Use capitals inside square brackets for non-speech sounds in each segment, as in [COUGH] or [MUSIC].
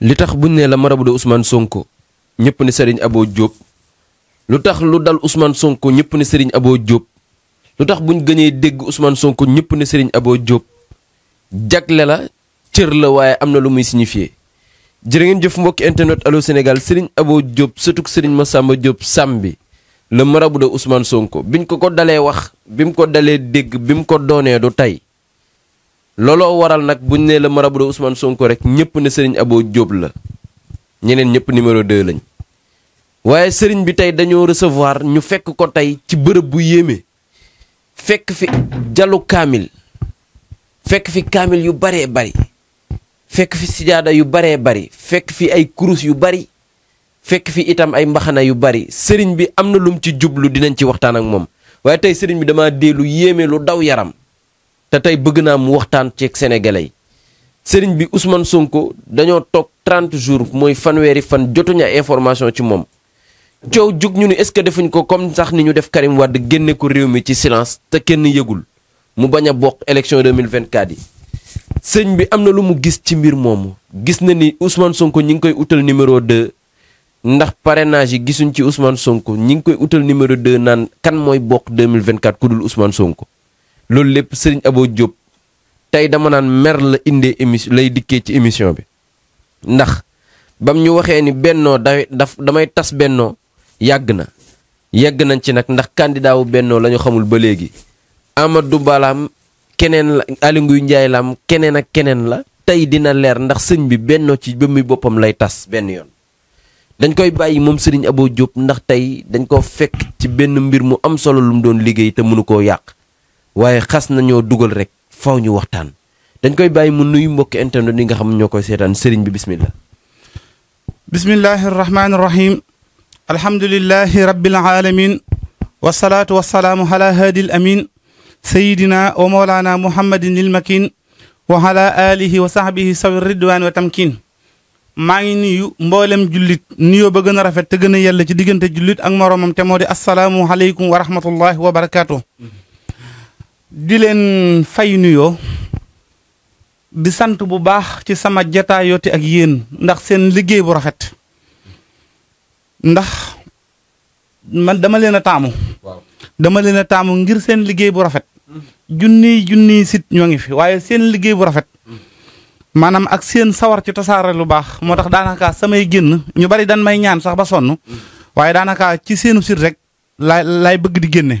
li tax buñ nee la marabu de Ousmane Sonko ñëpp ne sëriñ aboo jóob lu tax lu dal Ousmane Sonko ñëpp ne Serigne aboo jóob lu tax buñ gënee dégg Ousmane Sonko ñëpp ne Serigne Abo jagle la cër la waaye am na lu muy signifié jërë ngeen jëfu mbokki internet Allô Sénégal Serigne Abo Diop sëtuk Serigne Massamba Diop sàmm bi le marabu de Ousmane Sonko biñ ko ko dalee wax bi mu ko dalee dégg bi mu ko doonee du tey looloo waral nag buñ nee la marabu de Ousmane Sonko rek ñëpp ne Serigne aboo Diop la ñeneen ñëpp numéro 2 lañ waaye sëriñ bi tey dañoo recevoir ñu fekk ko tey ci bërëb bu yéeme fekk fi jalu kaamil fekk fi kaamil yu baree bari fekk fi sijaada yu baree bari fekk fi ay kurus yu bari fekk fi itam ay mbaxana yu bari sëriñ bi am na lum ci jublu dinañ ci waxtaan ak moom waaye tey sëriñ bi dama dee lu yéeme lu daw yaram te tey bëgg naa mu waxtaan ceeg sénégalais yi sëriñ bi Ousmane Sonko dañoo toog 30 jours mooy fanweeri fan jotuñu ay information ci moom coow jug ñu ni est-ce que defuñ ko comme sax ni ñu def Karim Wade génne ko réew mi ci silence te kenn yëgul mu bañ a bokk élection 2024 yi sëñ bi am na lu mu gis ci mbir moomu gis na ni Ousmane Sonko ñi ngi koy utal numéro 2 ndax parrainage yi gisuñ ci Ousmane Sonko ñi ngi koy utal numéro 2 naan kan mooy bokk 2024 ku dul Ousmane Sonko loolu lépp sëriñ aboo Diop tey dama naan mer la indee émission lay dikkee ci émission bi ndax bam ñu waxee ni bennoo da daf damay tas bennoo yàgg na yàgg nañ ci nag ndax candidat bennoo lañu xamul ba léegi du Balaam keneen la Aly Ngouille Ndiaye laam keneen ak keneen la tey dina leer ndax sëñ bi bennoo ci ba muy boppam lay tas benn yoon dañ koy bàyyi moom sëriñ Abo Diop ndax tey dañ ko fekk ci benn mbir mu am solo lu mu doon liggéey te mënu koo yàq waaye xas nañoo dugal rek faw ñu waxtaan dañ koy bàyyi mu nuyu mbokki internet yi nga xam ñoo koy seetaan sëriñ bi bismillah bismillahi arrahmani irrahim alhamdulilahi rabbil alamin wasalaatu wasalaamu ala wa mawlaana muhammadin il wa ala alihi wa sahbihi sawi ridwaan wa tamkin maa ngi nuyu mboolem jullit nuyoo ba gën a rafet te gën a yàlla ci diggante jullit ak moroomam te moo di wa rahmatullahi wa barakaatu di leen fay nuyoo di sant bu baax ci sama jataayooti ak yéen ndax seen liggéey bu rafet ndax man dama leen a taamu. waaw dama leen a taamu ngir seen liggéey bu rafet. junniy junniy sit ñoo ngi fi waaye seen liggéey bu rafet. maanaam ak seen sawar ci tasaare lu baax moo tax daanaka samay génn ñu bari dan may ñaan sax ba sonn mm. waaye daanaka ci seenu sit rek laay laay bëgg di génne.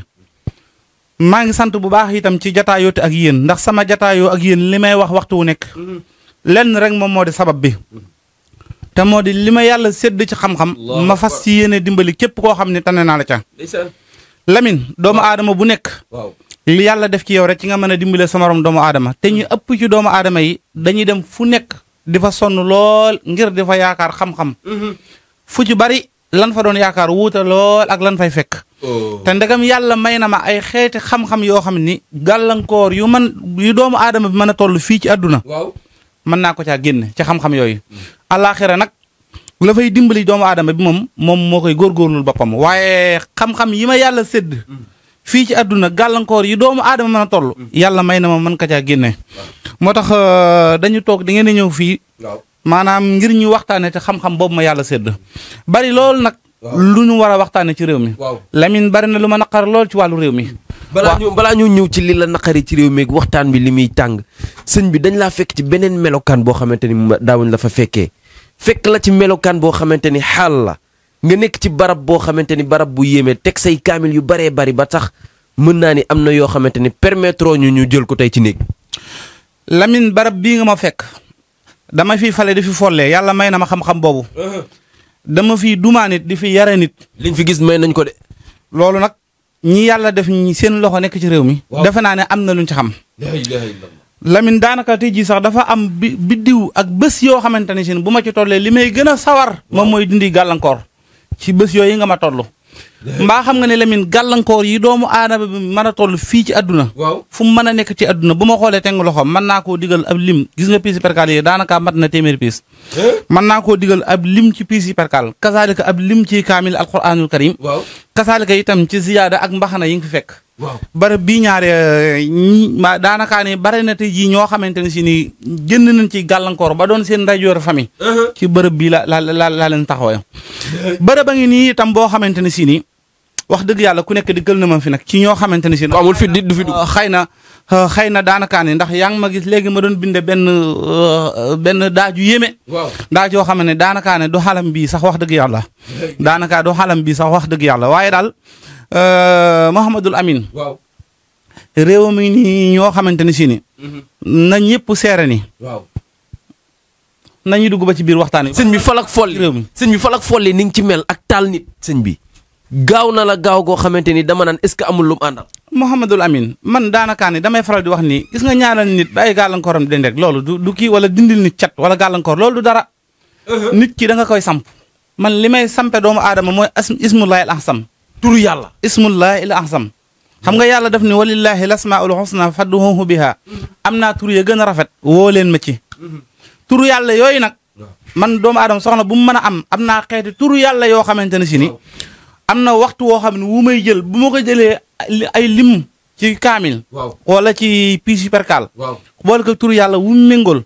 maa ngi sant bu baax itam ci jataayooti ak yéen ndax sama jataayoo ak yéen li may wax waxtu wu nekk mhm. lenn rek moom moo di sabab bi mhm. te moo di li ma yàlla sédd ci xam-xam ma fas ci yéene dimbali képp koo xam ne tane naa la ca Lamine doomu aadama bu nekk li yàlla def ci yow rek ci nga mën a dimbale sama morom doomu aadama te ñuy mhm. ëpp ci doomu aadama yi dañuy dem fu nekk di fa sonn lool ngir di fa yaakaar xam-xam fu ci bari lan fa doon yaakaar wuute lool ak lan fay fekk. Oh. te ndegam yàlla may na ma ay xeeti xam-xam yoo xam ni gàllankoor yu man yu doomu aadama bi mën a toll fii ci àdduna. waaw mën naa ko caa génne ci xam yooyu. àllaaxira nag la dimbali doomu aadama bi moom moom moo koy góorgóorlul boppam waaye xam-xam yi ma yàlla sedd fii ci àdduna gàllankoor yi doomu aadama mën a toll. yàlla may na ma mën ko caa génne. moo tax euh, dañu toog di ngeen ñëw fii. maanaam ngir ñu waxtaane te xam-xam boobu ma yàlla sédd bari lool nag lu ñu war a waxtaane ci réew mi Lamine bari na lu ma naqar lool ci wàllu réew mi balaa ñu balaa ñu ñëw ci lii la naqari ci réew mi waxtaan bi li muy tàng sëñ bi dañ laa fekk ci beneen melokaan boo xamante ni daawuñ la fa fekkee fekk la ci melokaan boo xamante ni xaal la nga nekk ci barab boo xamante ni barab bu yéemee teg say kaamil yu baree bari ba tax mën naa ni am na yoo xamante ni permettre ñu ñu jël ko tey ci néeg dama fi fale di fi follee yàlla may na ma xam-xam boobu. dama fi dumaa di fi yare nit. liñ fi gis may nañ ko de. loolu nag ñi yàlla def ñi seen loxo nekk ci réew mi. defe naa ne am na luñ ci xam. Lamine daanaka tey jii sax dafa am bi biddiw ak bës yoo xamante ne si bu ma ci tollee li may gën a sawar. moom mooy dindi gàllankoor. ci bés yooyu nga ma toll. mbaa xam nga ne Lamine gàllankoor yi doomu aadama bi mën a toll fii ci àdduna waaw fu mu mën a nekk ci àdduna bu ma xoolee teng loxo mën naa koo digal ab lim gis nga piis yi perkal yi daanaka mat na téeméeri piis eh? mën naa koo digal ab lim ci piis yi perkal kasaalika ab lim ci kaamil alquranul karim kasaalika tam ci ziyaada ak mbaxana yi nga fi fekk waaw barab bii ñaare eh, ñi ma daanakaa ne bare na tey jii ñoo xamante ne si ni génn nañ ci gàllankoor ba doon seen rajoor famille. Eh? ci bërëb bi la la la leen taxawee. bërëb a ngi nii itam boo xamante ne si ni wax dëgg yàlla ku nekk di gël na ma fi nag ci ñoo xamante ne si. amul fi du fi dugg euh, xëy na euh, xëy na daanakaan yi ndax yaa ngi ma gis léegi ma doon binde benn euh, daaju yéeme. waaw daaj yoo xam ne daanakaa ne du xalam bii sax wax dëgg yàlla. daanakaa du xalam bii sax wax dëgg yàlla waaye daal Mouhamadul Amin. waaw réew mi ñoo xamante ne si ni. Mhm. na ñëpp seere ni. waaw. nañu dugg ba ci biir waxtaan wi. sëñ bi falak folli réew mi sëñ bi falak folli ni nga ci mel ak taal ni sëñ bi. gaaw na la gaaw goo xamante ni dama naan est-ce que amul lu mu àndal. Mouhamadul man daanakaan ni damay faral di wax nii gis nga ñaanal nit ba ay gàllankooram den rek loolu du du kii wala dindil nit cat wala gàllankoor loolu du dara. Uh-huh. nit ki da nga koy samp. man li may sampe doomu aadama mooy as ismullahi al ahsam turu yàlla ismullahi al ahsam xam nga yàlla daf ni walillahi lasmaul husna fadduhu biha am naa tur ya gën rafet woo leen ma ci uh-huh. turu yàlla yooyu nag man doomu aadama soxna bu mu mën a am am naa xeeti turu yàlla yoo xamante ne si ni am na waxtu woo xam ne wu may jël bu ma ko jëlee ay lim ci kaamil wala ci piis yu perkaal boole ko tur yàlla wu méngool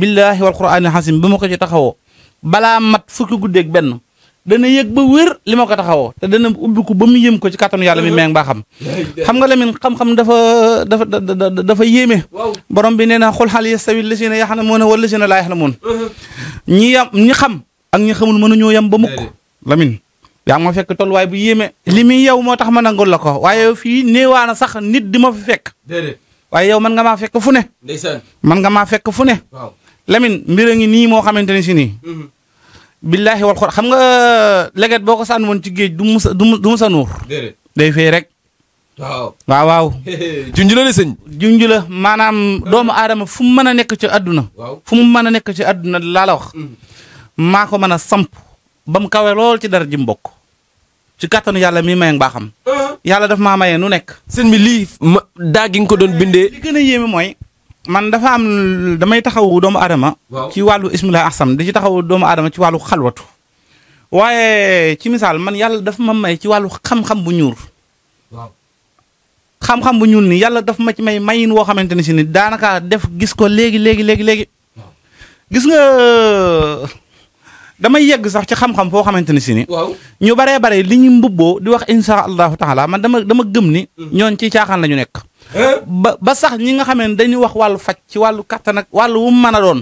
billaahi wal quraani xasim ba ma ko ci taxawoo balaa mat fukki guddeeg benn dana yëg ba wér li ma ko taxawoo te dana ubbi ko ba mu yëm ko ci kattanu yàlla mi uh-huh. meeng baa xam xam nga lamin xam-xam dafa dafa dafa yéeme borom bi nee na xul xal yastawi lazina yaxlamuuna wala lazina laa moon uh-huh. ñi yam ñi xam ak ñi xamul mënuñoo yam ba mukk lamin yaa ngi ma fekk tolluwaay bu yéeme li muy yow moo tax ma nangul la ko waaye fii néewaana sax nit di ma fu fekk waaye yow man nga maa fekk fu ne man nga maa fekk fu ne Lamine mbir a ngi nii moo xamante ne si nii mm-hmm. billaahi wal xor xam nga euh, leget boo ko sànn woon ci géej du musa du musa nuur day fay rek waaw waaw waaw [LAUGHS] junj la de sëñ junj la maanaam doomu aadama fu mu mën a nekk ci àdduna fu mu mën a nekk ci àdduna laa la wax mm-hmm. ko mën a samp ba mu kawee lool ci dara ji mu bokk ci kàttanu yàlla mi maye mbaaxam. Uh-huh. yàlla daf ma maye nu nekk. sëñ bi lii ma daa gi nga ko doon bindee. li gën a yéeme mooy. man dafa am damay taxaw doomu aadama. ci wàllu ismila ahsam di ci taxaw doomu adama ci wàllu xalwatu. waaye ci misaal man yàlla dafa ma may ci wàllu xam-xam bu ñuul. xam-xam bu ñuul nii yàlla daf ma ci may mayin woo xamante ne si ni daanaka def gis ko léegi léegi léegi léegi. gis nga. damay yegg sax ci xam-xam foo xamante ne si ni ñu baree bare li ñu mbubboo di wax insha allahu taala man dama dama gëm ni mm. ñoon ci caaxaan la ñu nekk ba ba sax ñi nga xam ne dañuy wax wàllu faj ci wàllu kattan ak wàllu mën a doon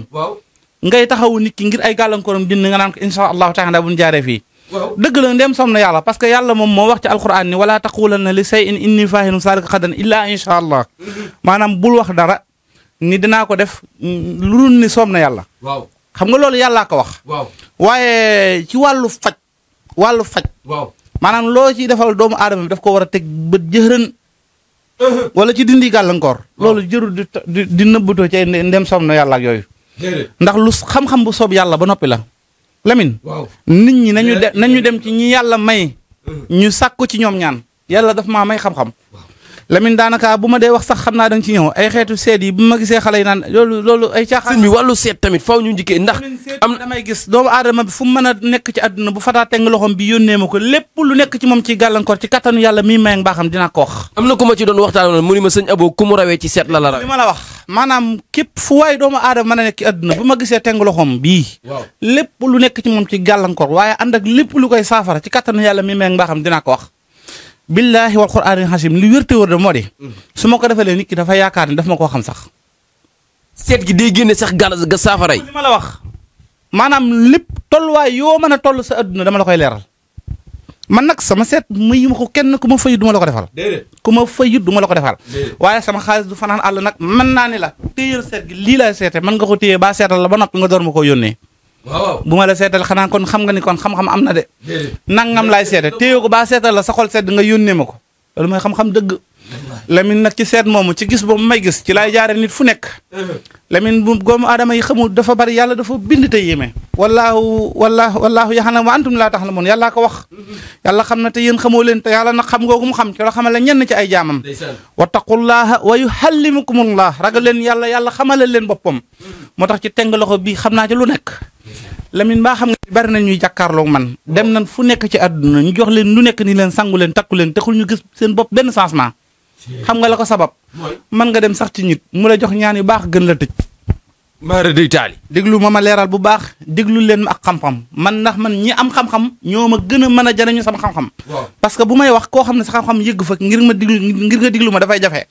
ngay taxawu nit ki ngir ay gàllankooram jënd nga naan ko insha allahu taala bu ñu jaaree fii dëgg la ndem som na yàlla parce que yàlla moom moo wax ci alquran ni wala taqulanna li shay'in inni faa'ilun zaalika ghadan illa insha allah mm-hmm. maanaam bul wax dara ni dinaa ko def mm, lu dul ni na yàlla waaw xam nga loolu yàllaa ko wax. waaw waaye ci wàllu faj. wàllu faj. waaw maanaam loo ciy defal doomu aadama bi daf ko war a teg bët jëxërën. wala ci dindi gàllankoor. loolu jërul di di di nëbbatoo ci dem som na yàlla ak yooyu. ndax lu xam-xam bu soob yàlla ba noppi la. Lamine. nit ñi nañu de nañu dem ci ñi yàlla may. ñu sàkku ci ñoom ñaan. yàlla daf maa may xam-xam. Lamine daanaka bu ma dee wax sax xam naa da nga ci ñëw ay xeetu seet yi bu ma gisee xale yi naan loolu loolu ay caaxaan. sëñ bi wàllu seet tamit faaw ñu njëkkee ndax. am damay gis doomu aadama bi fu mu mën a nekk ci àdduna bu fataa teg loxoom bi yónnee ma ko lépp lu nekk ci moom ci gàllankoor ci kattanu yàlla mi may ak mbaaxam dinaa ko wax. am na ku ma ci doon waxtaan mu ni ma sëñ Abo ku mu rawee ci seet la la ma la wax maanaam képp fu waaye doomu aadama mën a nekk ci àdduna bu ma gisee teg loxoom bii. lépp lu nekk ci moom ci gàllankoor waaye ànd ak lépp lu koy saafara ci kattanu yàlla mi may ak mbaaxam dinaa ko wax billaahi wal quraanil xasim li wér te wér de moo di su ma ko defalee nit ki dafa yaakaar ni daf ma koo xam sax. seet gi day génne sax gàll ga saafara ma la wax maanaam lépp tolluwaay yoo mën a toll sa adduna dama la koy leeral. man nag sama seet muy ma ko kenn ku ma fayut du ma la ko defal. déedéet ku ma fayut du ma la ko defal. waaye sama xaalis du fanaan àll nag mën naa ni la téyeel seet gi lii laay seete mën nga ko téye baa seetal la ba noppi nga door ma koo yónnee. waaw bu ma la seetal xanaa kon xam nga ni kon xam-xam am na de. nangam laay seetal téye ko baa seetal la sa sedd nga yónnee ma ko loolu mooy xam-xam dëgg. Lamine nag ci seet moomu ci gis boobu may gis ci laay jaare nit fu nekk. Uh-huh. Lamine bu goomu aadama yi xamul dafa bari yàlla dafa bind te yéeme. wallaahu wallaahu wallaahu yaxanam wa antum laa taxlamuun yàllaa ko wax. Uh-huh. yàlla xam na te yéen xamoo leen te yàlla na xam googu mu xam ci la xamale ñenn ci ay jaamam. wa taqullaaha wa yuxallimukumullah ragal leen yàlla yàlla xamale leen boppam. Uh-huh. moo tax ci teng loxo bi xam naa ci lu nekk Lamine Ba xam nga bari nañ ñuy jàkkaarloog man dem nañ fu nekk ci àdduna ñu jox leen lu nekk ni leen sangu leen takku leen taxul ñu gis seen bopp benn changement xam nga la ko sabab man nga dem sax ci nit mu la jox ñaan yu baax gën la tëj maa day taali déglu ma ma leeral bu baax déglu leen ma ak xam-xam man ndax man ñi am xam-xam ñoo ma gën a mën a jariñu sama xam-xam parce que bu may wax koo xam ne sa xam-xam yëgg fa ngir ma déglu ngir nga déglu ma dafay jafe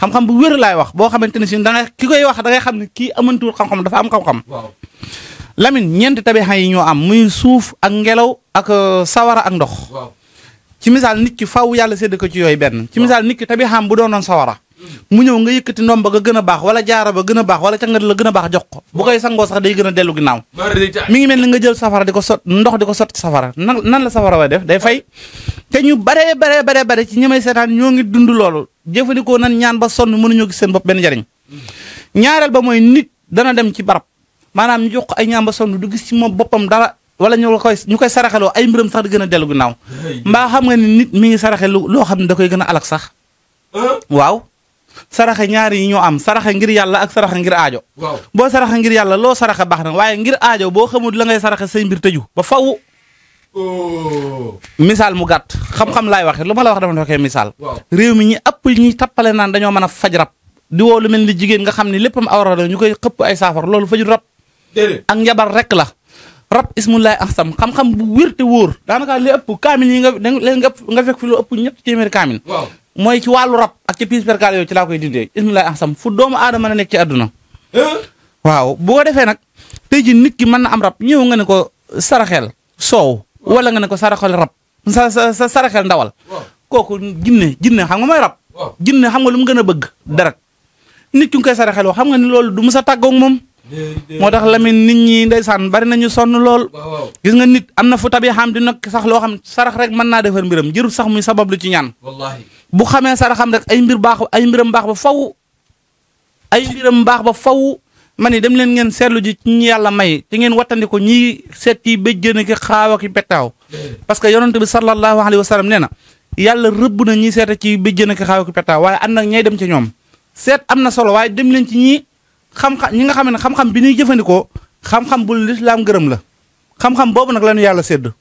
xam-xam bu wér laay wax boo xamante ne si da nga ki koy wax dangay ngay xam ne kii amantuwul xam-xam dafa am xam-xam Lamine ñeenti tabixa yi ñoo am muy suuf ak ngelaw ak euh, sawara ak ndox ci misaal nit ki faw yàlla sédd ko ci yooyu benn ci misaal nit ki tabixaam bu doonoon sawara mu ñëw nga yëkkati ndomba ga a baax wala jaara ba gën a baax wala cangat la gën a baax jox bu koy sangoo sax day gën a dellu ginnaaw mi ndox di ko sot safara nan nan la safara way def fay ñu baree baree baree bare ci ñi may seetaan ñoo ngi dund loolu jëfandikoo nan ñaan ba sonn mënuñoo gis seen bopp benn njariñ ñaareel ba mooy nit dana dem ci barab maanaam ñu ko ay ñaan ba sonn du gis moom boppam dara wala ñu koy ñu koy saraxeloo ay mbiram sax di gën a dellu ginnaaw mbaa xam nga ni nit mi ngi saraxelu loo xam ne da koy gën a alak sax waaw saraxe ñaari yi ñoo am saraxe ngir yàlla ak saraxe ngir aajo. waaw boo saraxe ngir yàlla loo saraxe baax na waaye ngir aajo boo xamul la ngay saraxe say mbir tëju ba faw oh. misaal mu gàtt xam-xam laay waxe lu ma la wax dama fekkee misaal. réew mi ñi ëpp ñi tappale naan dañoo mën a faj rab. di woo lu mel ni jigéen nga xam ne léppam awra la ñu koy xëpp ay saafara loolu fajul rab. ak njabar rek la. rab ak sam xam-xam bu wér te wóor daanaka li ëpp kaamil yi nga nga ëpp nga ëpp ñetti téeméeri kaamil. waaw mooy ci wàllu rab ak ci piis perkaal yooyu ci laa koy dindee ismu laay axsam fu doomu aadama na nekk ci waaw bu defee nag tey nit ki mën na am rab ñëw nga ne ko saraxel soow wala nga ne ko saraxel rab sa sa saraxel ndawal kooku jinne jinne xam nga mooy rab jinne xam nga lu mu gën a bëgg dara ki koy saraxel xam nga ni loolu du mu sa tàggoog moom moo tax lamin nit ñi ndeysaan bari nañu sonn lool gis nga nit am na fu tabi xam di nag sax loo xam sarax rek mën naa defar mbiram jërul sax muy sabab lu ci ñaan bu xamee xam rek ay mbir baax ay mbiram baax ba faw ay mbiram mbaax ba faw ma ni dem leen ngeen seetlu ji ci ñi yàlla may te ngeen wattandi ko ñii seet yi béjjën ki xaaw ak pettaaw parce que yonent bi sallallahu alayhi wa sallam nee na yàlla rëbb na ñii seeta ci béjjën ki xaaw ak pettaaw waaye ànd ak ñay dem ci ñoom seet am na solo waaye dem leen ci ñii xam-xam ñi nga xamee ne xam-xam bi ñuy jëfandikoo xam-xam bu lislaam gërëm la xam-xam boobu nag la ñu yàlla sédd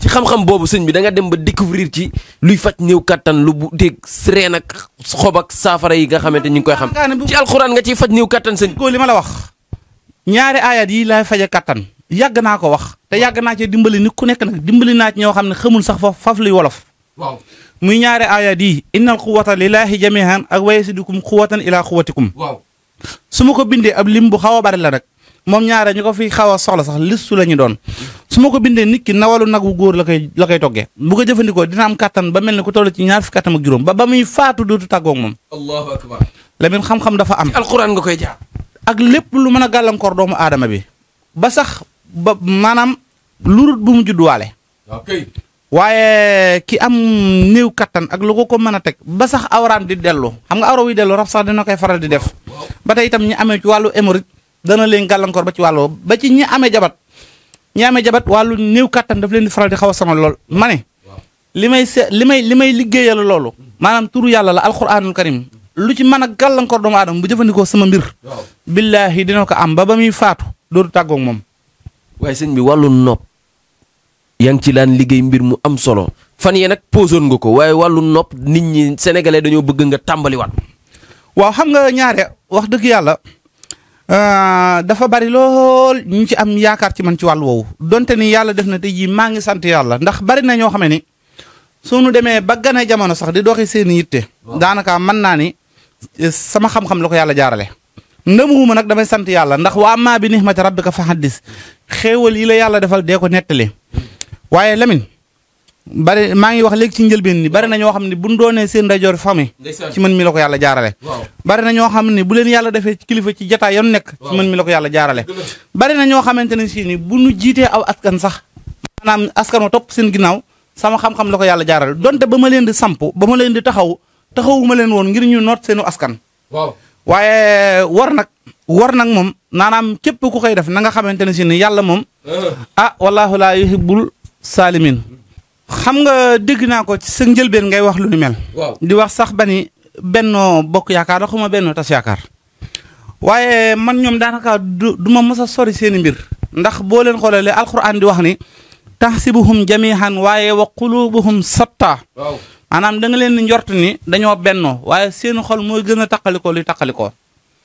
ci xam-xam boobu sëñ bi da nga dem ba découvrir ci luy faj néew kattan lu bu dégg reen ak xob ak saafara yi nga xamante ñu ngi koy xam. ci alxuraan nga ciy faj néew kattan sëñ bi. li ma la wax ñaari ayat yi laay faje kattan yàgg naa ko wax te yàgg naa ci dimbali nit ku nekk nag dimbali naa ñoo xam ne xamul sax foofu faf luy wolof. waaw muy ñaari ayat yi innal quwwata lillahi jamihan ak wayasidukum quwwatan ila quwwatikum. waaw su ma ko bindee ab lim bu xaw a bari la nag moom ñaare ñu ko fi xaw a soxla sax listu la doon su ma ko bindee nit ki nawalu nag wu góor la koy la koy toggee bu ko jëfandikoo dina am kattan ba mel ni ku toll ci ñaar fi kattan ak juróom ba ba muy faatu dootu tàggoog moom. allahu akbar. Lamine xam-xam dafa am. ci alquran nga koy jaar. ak lépp lu mën a gàllankoor doomu aadama bi. ba sax ba maanaam lurut bu mu judduwaale. waaye ki am néew kattan ak lu ko ko mën a teg ba sax awraam di dellu xam nga awra wuy dellu rab sax dina koy faral di def. ba tey itam ñi amee ci wàllu dana leen gàllankoor ba ci wàllu ba ci ñi amee jabat ñi amee jabat wàllu néew kàttan daf leen di faral di xaw sama lool ma ne li may se li may li may liggéeyal loolu maanaam turu yàlla la alxuraanul karim lu ci mën a gàllankoor doomu aadama bu jëfandikoo sama mbir billaahi dina ko am ba ba muy faatu dootu tàggoog moom waaye sëñ bi wàllu nopp yaa ci daan liggéey mbir mu am solo fan yee nag posoon nga ko waaye wàllu nopp nit ñi sénégalais dañoo bëgg nga tàmbaliwaat Euh, dafa bari lool ñu ci am yaakaar ci man ci wàllu woowu donte ni yàlla def na te jii maa ngi sant yàlla ndax bari na ñoo xam ne ni suñu demee ba gën a jamono sax di doxi seeni yitte. daanaka mën naa ni eh, sama xam-xam la ko yàlla jaarale. ndëmuwuma nag damay sant yàlla ndax wa ammaa bi nixmati rabbika fa haddis xéewal yi la yàlla defal dee ko nettali hmm. waaye Lamine bari maa ngi wax léegi ci njëlbeen ni bari na ñoo xam ne bu ñu doonee seen rajoor famille ci mën mi la ko yàlla jaarale bari na ñoo xam ne bu leen yàlla defee kilifa ci jataay yoon nekk ci mën mi la ko bari na ñoo xamante ne si ni bu nu jiitee aw askan sax maanaam askan wa topp seen ginnaaw sama xam-xam la ko yàlla jaarale donte ba ma leen di samp ba ma leen di taxaw taxawuma leen woon ngir ñu noot seenu askan waaye war nag wor nag moom naanaam képp ku koy def na nga xamante ne si ni yàlla moom eh. ah wallahu laa yuhibbul saalimin xam nga dégg naa ko ci sa njëlbeen ngay wax lu ni mel. waaw di wax sax ba ni bennoo bokk yaakaar la xuma bennoo tas yaakaar. waaye man ñoom daanaka du du ma mës a sori seeni mbir. ndax boo leen xoolalee alxuraan di wax ni. tahsibuhum jamihan waaye wa qulubuhum satta. waaw maanaam da nga leen njort ni dañoo bennoo waaye seen xol mooy gën a taqalikoo luy taqalikoo.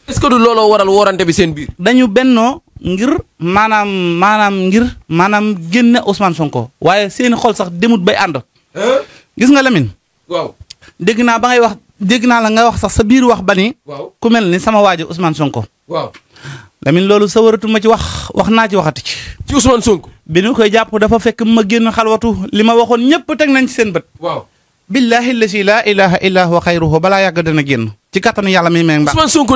est-ce que du looloo waral worante bi seen biir. dañu bennoo ngir maanaam maanaam ngir maanaam génne Ousmane Sonko waaye seen xol sax demut bay ànd. gis nga Lamine. waaw dégg naa ba ngay wax dégg naa la nga wax sax sa biir wax ba ni. waaw ku mel ni sama waajo usmaan Sonko. waaw Lamine loolu sa waratu ci wax wax naa ci waxati ci. ci Ousmane Sonko. bi nu koy jàpp dafa fekk ma génn xalwatu li ma waxoon ñëpp teg nañ ci seen bët. waaw. billahi lasi laa ilaha illa huwa xayruhu balaa yàgg dana génn. ci kattanu yàlla mi may mbaax Ousmane Sonko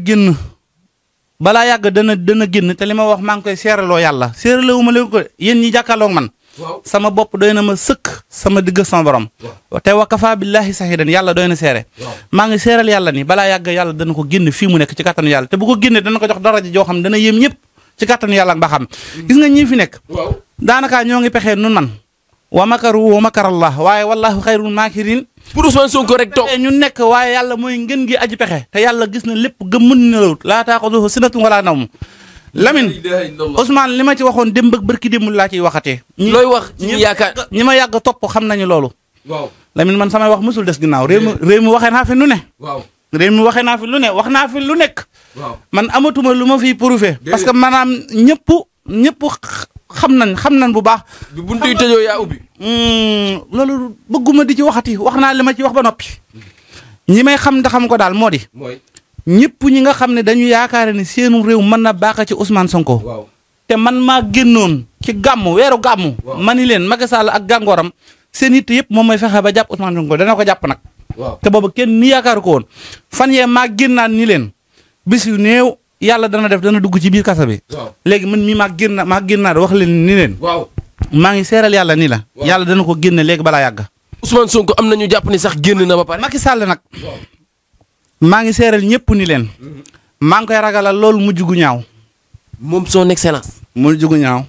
génn. balaa yàgg dana dana génn te li ma wax maa ngi koy seeraloo yàlla seeraloo ma leen ko yéen ñi jàkkaarloog man. sama bopp doy na ma sëkk sama digg sama borom. te wa kafa billahi sahidan yàlla doy na seere. maa ngi seeral yàlla ni balaa yàgg yàlla dana ko génn fii mu nekk ci kàttanu yàlla te bu ko génnee dana ko jox daraja joo xam dana yéem ñëpp ci kàttanu yàlla ak mbaaxam. gis nga ñi fi nekk. daanaka ñoo ngi pexee nun man. wa makaru wa makar allah waaye wallahu pour Ousmane Sonko rek to ñu nekk waaye yàlla mooy ngën gi aji pexe te yàlla gis na lépp gëmmun na lawut laataa ko doo sinatun walaa nawm Lamine Ousmane li ma ci waxoon démb ak bërki démb laa ciy waxatee looy wax ñi yaakaar ñi ma yàgg topp xam nañu loolu waaw Lamine man samay wax mosul des ginnaaw réew mi réew waxee naa fi lu ne waaw réew mi waxee naa fi lu ne wax naa fi lu nekk man amatuma lu ma fiy prouvé parce que maanaam ñëpp ñëpp xam nañ xam nañ bu baax. bu buntu yi tëjoo yaa hmm, bëgguma di ci waxati wax naa li ma ci wax ba noppi. ñi may xam te xam ko daal moo di. mooy ñëpp ñi nga xam ne dañu yaakaar ne seenu réew mën na baax ci Ousmane Sonko. waaw te man maa génnoon. ci gàmmu weeru gàmmu. ma ni leen Macky Sall ak gàngooram seen it yëpp moom may fexe ba jàpp Ousmane Sonko dana ko jàpp nag. waaw te boobu kenn ni yaakaar ko woon fan yee maa génnaan ni leen bis yu yàlla dana def dana dugg ci biir kasa bi. léegi man mii maa génn maa génnaat wax leen ni leen. waaw maa ngi seeral yàlla nii la. yàlla dana ko génne léegi balaa yàgg. Ousmane Sonko am na ñu jàpp ni sax génn na ba pare. Macky Sall nag. maa ngi seeral ñëpp ni leen. Mhm. maa ngi koy ragalal loolu mujj gu ñaaw. moom soo nekk excellence. mujj gu ñaaw.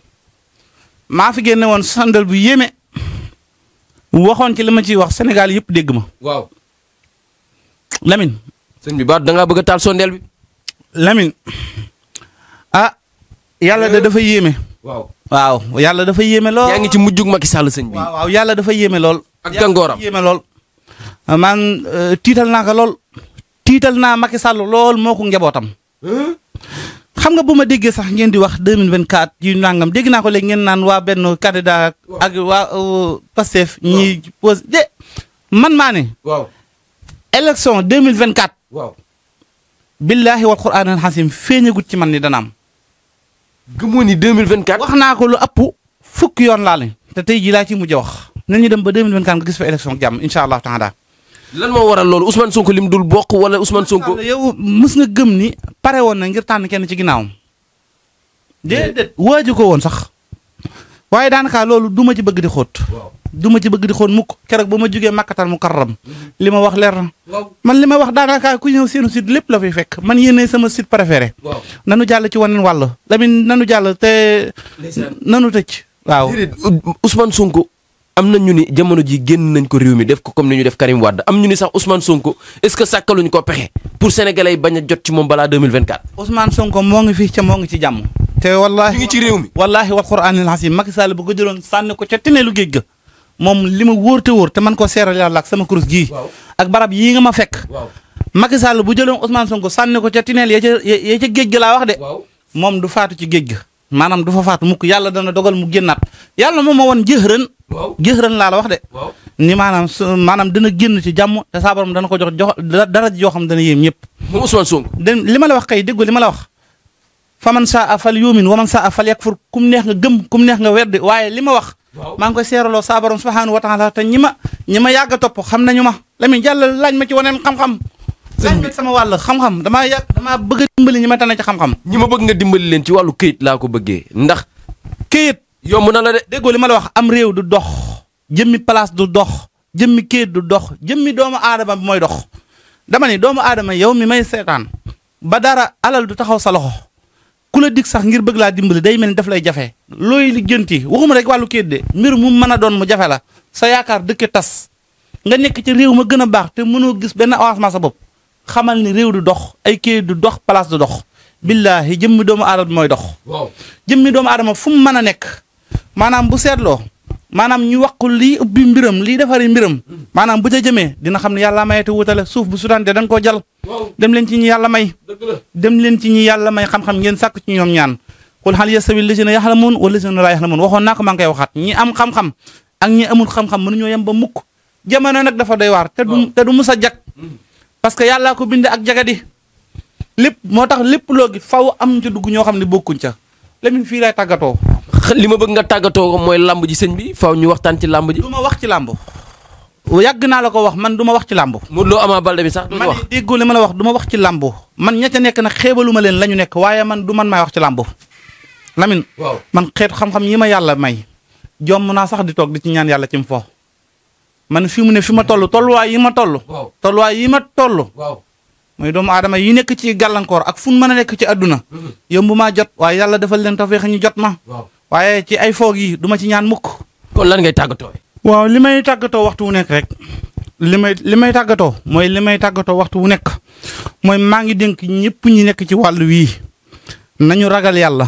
maa fi génne woon sandal bu yéeme. waxoon ci li ma ciy wax Sénégal yëpp dégg ma. waaw. Lamine. bi baat da ngaa bëgg a taal sondeel bi. Lamine ah yàlla de dafa yéeme. waaw waaw yàlla dafa yéeme lool. yaa ngi ci mujjug Macky sàll sëñ bi. waaw yàlla dafa yéeme lool. ak gàngooram yéeme lool. Ah, man euh, tiital naa ko lool. tiital naa Macky Sall lool moo ko njabootam. xam nga bu ma déggee sax ngeen di wax 2024 ji nangam dégg naa ko léegi ngeen naan waa benn candidat ak waa euh, Pastef ñi pose de man maa ne. waaw élection 2024. waaw billaahi wal quraanil xasim feeñagut ci man ni dana am. gëmoo ni 2024. wax naa ko lu ëpp fukk yoon laa leen. te tey jii laa ci mujj wax. nañu dem ba 2024 nga gis fa élection ak jàmm incha allahu taala. lan moo waral loolu Ousmane Sonko lim dul bokk wala Ousmane Sonko. yow mës nga gëm ni pare woon na ngir tànn kenn ci ginnaawam. déedéet waaju ko woon sax. waaye daanaka loolu du ma ci bëgg di xóot. du ma ci bëgg di xoon mukk keroog ba ma jugee màkkatal mu karram li ma wax leer na man li ma wax daanaka ku ñëw seenu site lépp la fay fekk man yéene sama site préféré nanu jàll ci waneen wàll lamin nanu jàll te nanu tëj waaw Ousmane Sonko am na ñu ni jamono ji génn nañ ko réew mi def ko comme ni ñu def Karim Wade am ñu ni sax Ousmane Sonko est-ce sàkkaluñ ko pexe pour sénégalais yi bañ a jot ci moom balaa 2024. Ousmane Sonko moo ngi fii ca moo ngi ci jàmm. te wallaahi wal Qur'aanil Hakiim Macky Sall bu ko jëloon sànni ko ca tëneelu géej ga. moom li ma wóor te wóor te man ko seeral yàlla ak sama kurus gii. ak barab yii nga ma fekk. waaw Macky Sall bu jëloon Ousmane Sonko sànni ko ca tineel ya ca géej ga laa wax de. moom du faatu ci géej ga. maanaam du fa faatu mukk yàlla dana dogal mu génnaat yàlla moom ma woon jëxërën. waaw jëxërën laa la wax de. ni maanaam maanaam dana génn ci jàmm te saa dana ko jox jox dara joo xam dana yéem ñëpp. moom Ousmane Sonko. li ma la wax kay dégg li ma la wax. fa man saa a fal yuumin wa man saa a fal yakfur neex nga gëm kum neex nga weddi waaye li ma wax maa ngi koy seeraloo saa borom subhaanahu wa taala te ñi ma ñi ma yàgg topp xam nañu ma Lamine jàll laaj ma ci waneen xam-xam laaj ma sama wàll xam-xam damaa yàgg damaa bëgg a dimbali ñi tane ci xam-xam ñi ma bëgg nga dimbali leen ci wàllu këyit laa ko bëggee ndax këyit yomb na la de déggoo li ma la wax am réew du dox jëmmi place du dox jëmmi këyit du dox jëmmi doomu aadama mooy dox dama ni doomu aadama yow mi may seetaan ba dara alal du taxaw sa loxo ku la dig sax ngir bëgg laa dimbali day mel ni daf lay jafe looy lijjanti waxuma rek wàllu kayit de mbir mu mën a doon mu jafe la sa yaakaar dëkk tas nga nekk ci réew ma gën a baax te mënoo gis benn avancement sa bopp xamal ni réew du dox ay kayit du dox place du dox. billaahi jëmmi doomu aadama mooy dox. waaw jëmmi doomu aadama fu mu mën a nekk maanaam bu seetloo. maanaam ñu wax ko lii ubbi mbiram lii defari mbiram maanaam bu a jëmee dina xam ne yàlla may te wutale suuf bu sutante da nga koo jal dem leen ci ñi yàlla may dem leen ci ñi yàlla may xam-xam ngeen sàkk ci ñoom ñaan qul hal yastawi lazina yaxlamuun wa lazina laa yaxlamuun waxoon naa ko maa ngi koy waxaat ñi am xam-xam ak ñi amul xam-xam mënuñoo yem ba mukk jamono nag dafa doy waar te du te a jag mm. parce que yàllaa ko bind ak jagadi lépp moo tax lépp loo gi faw am ci dugg ñoo xam ne bokkuñ ca lemin fii lay tàggatoo li ma bëgg nga tàggatoo mooy làmb ji sëñ bi faaw ñu waxtaan ci làmb ji. du ma wax ci làmb. yàgg naa la ko wax man du wax ci làmb. Modou Lo Ama Baldé bi sax ma wax man déggoo wax du wax ci làmb. man ña ca nekk nag xeebalu leen la ñu nekk waaye man du man maay wax ci làmb. Lamine. waaw man xeetu xam-xam yi ma yàlla may. jomm naa sax di toog ci ñaan yàlla ci mu fo. man fi mu ne fi ma toll tolluwaay yi ma toll. waaw ma toll. mooy doomu aadama yi nekk ci gàllankoor ak fu mu mën a nekk ci àdduna. Mm-hmm. yomb maa jot waaye yàlla defal leen tawfeex ñu jot ma. waaye ci ay foog yi du ci ñaan mukk. kon lan ngay tàggatoo. waaw li may tàggatoo waxtu wu nekk rek li may li may tàggatoo mooy li may tàggatoo waxtu wu nekk mooy maa ngi dénk ñépp ñi nekk ci wàll wii nañu ragal yàlla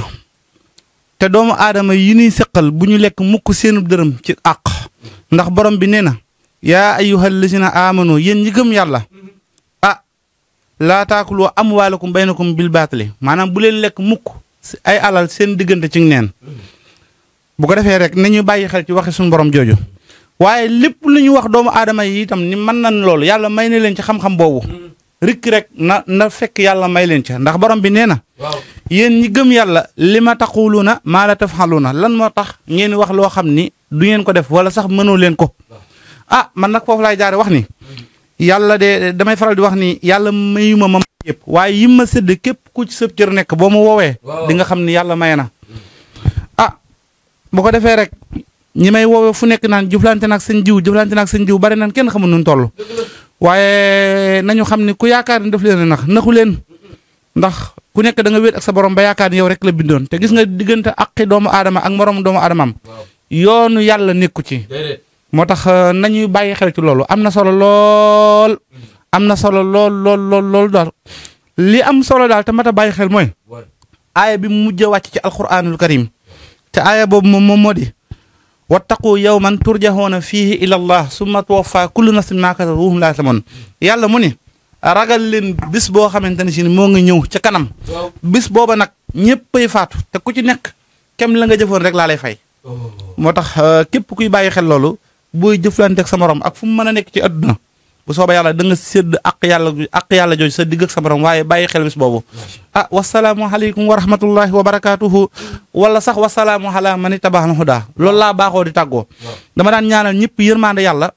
te doomu aadama yi nuy sëqal bu ñu lekk mukk seenu dërëm ci àq ndax borom bi nee na yaa ayyuhal lazina amanu yéen ñi gëm yàlla ah laa taakulu amwaalakum baynakum bil baatili maanaam bu leen lekk mukk ay alal seen diggante ci neen bu ko defee rek nañu bàyyi xel ci waxi suñu borom jooju waaye lépp lu ñu wax doomu aadama yi itam ni man na loolu yàlla may na leen ci xam-xam boobu mm. rikk rek na na fekk yàlla may leen ci ndax borom bi nee na yéen ñi gëm yàlla li ma na maa la na lan moo tax ngeen wax loo xam ni du ngeen ko def wala sax mënoo leen ko ah man nag foofu laay jaare wax ni mm. yàlla de damay faral di wax ni yàlla mayuma ma yëpp waaye yim ma sédd képp ku ci sëb cër nekk boo ma woowee di nga xam ni yàlla may ah bu ko defee rek ñi may woowee fu nekk naan jëflante nag seen jiw jëflante nag seen jiw bari naan kenn xamul nun toll waaye nañu xam ni ku yaakaar ni daf leen nax naxu leen ndax ku nekk danga nga ak sa borom ba yaakaar ni yow rek la bindoon te gis nga diggante aqi doomu aadama ak moroom doomu aadamaam yoonu yàlla nekku ci moo tax nañuy bàyyi xel ci loolu am na solo lool am na solo lool lool lool lool daal li am solo daal te mat a bàyyi xel mooy aaya bi mu mujj wàcc ci alquranul karim te aaya boobu moom moom moo di wattaqu yawman turjahoona fii ila allah summa tuwaffa kullu nafsin maa kasabat wa hum laa yuzlamuun yàlla mu ni ragal leen bis boo xamante ne si moo ngi ñëw ca kanam bis booba nag ñëppay faatu te ku ci nekk kem la nga jëfoon rek laa lay fay oh. moo tax euh, képp kuy bàyyi xel loolu booy jëflanteeg sa morom ak fu mu mën a nekk ci adduna bu soobee yàlla da nga sédd ak yàlla ak yàlla jooju sa digg ak sa borom waaye bàyyi xel mis boobu ah wasalaamualeykum wa rahmatullahi wa barakatuhu wala sax wasalaamu ala man ittabaxal huda loolu laa baaxoo di tàggoo dama daan ñaanal ñëpp yërmande yàlla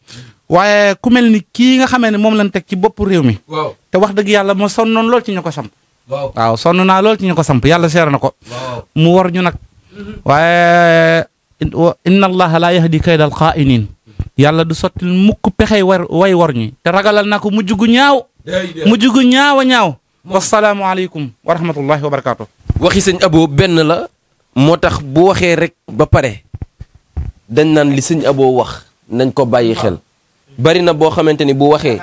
waaye ku mel ni kii nga xamee ne moom lañ teg ci boppu réew mi te wax dëgg yàlla moo sonnoon lool ci ñu ko samp waaw sonn naa lool ci ñu ko samp yàlla seer na ko mu war ñu nag mm-hmm. waaye inna allaha la yahdi kaydal xaa'iniin yàlla du sottil mukk pexey war way war ñi te ragalal na ko mujj gu ñaaw mujj gu ñaaw a ñaaw wasalaamu aleykum wa rahmatullahi wa waxi sëñ aboo benn la moo tax bu waxee rek ba pare dañ naan li sëñ aboo wax nañ ko bàyyi xel bari na boo xamante ni bu waxee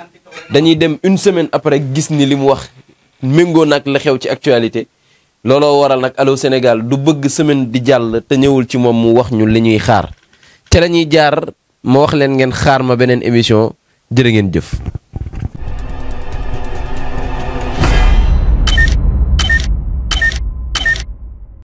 dañuy dem une semaine après gis ni li mu wax méngoo nag la xew ci actualité looloo waral nag aloo Sénégal du bëgg semaine di jàll te ñëwul ci moom mu wax ñu li ñuy xaar te lañuy ñuy jaar ma wax leen ngeen xaar ma beneen émission jërë ngeen jëf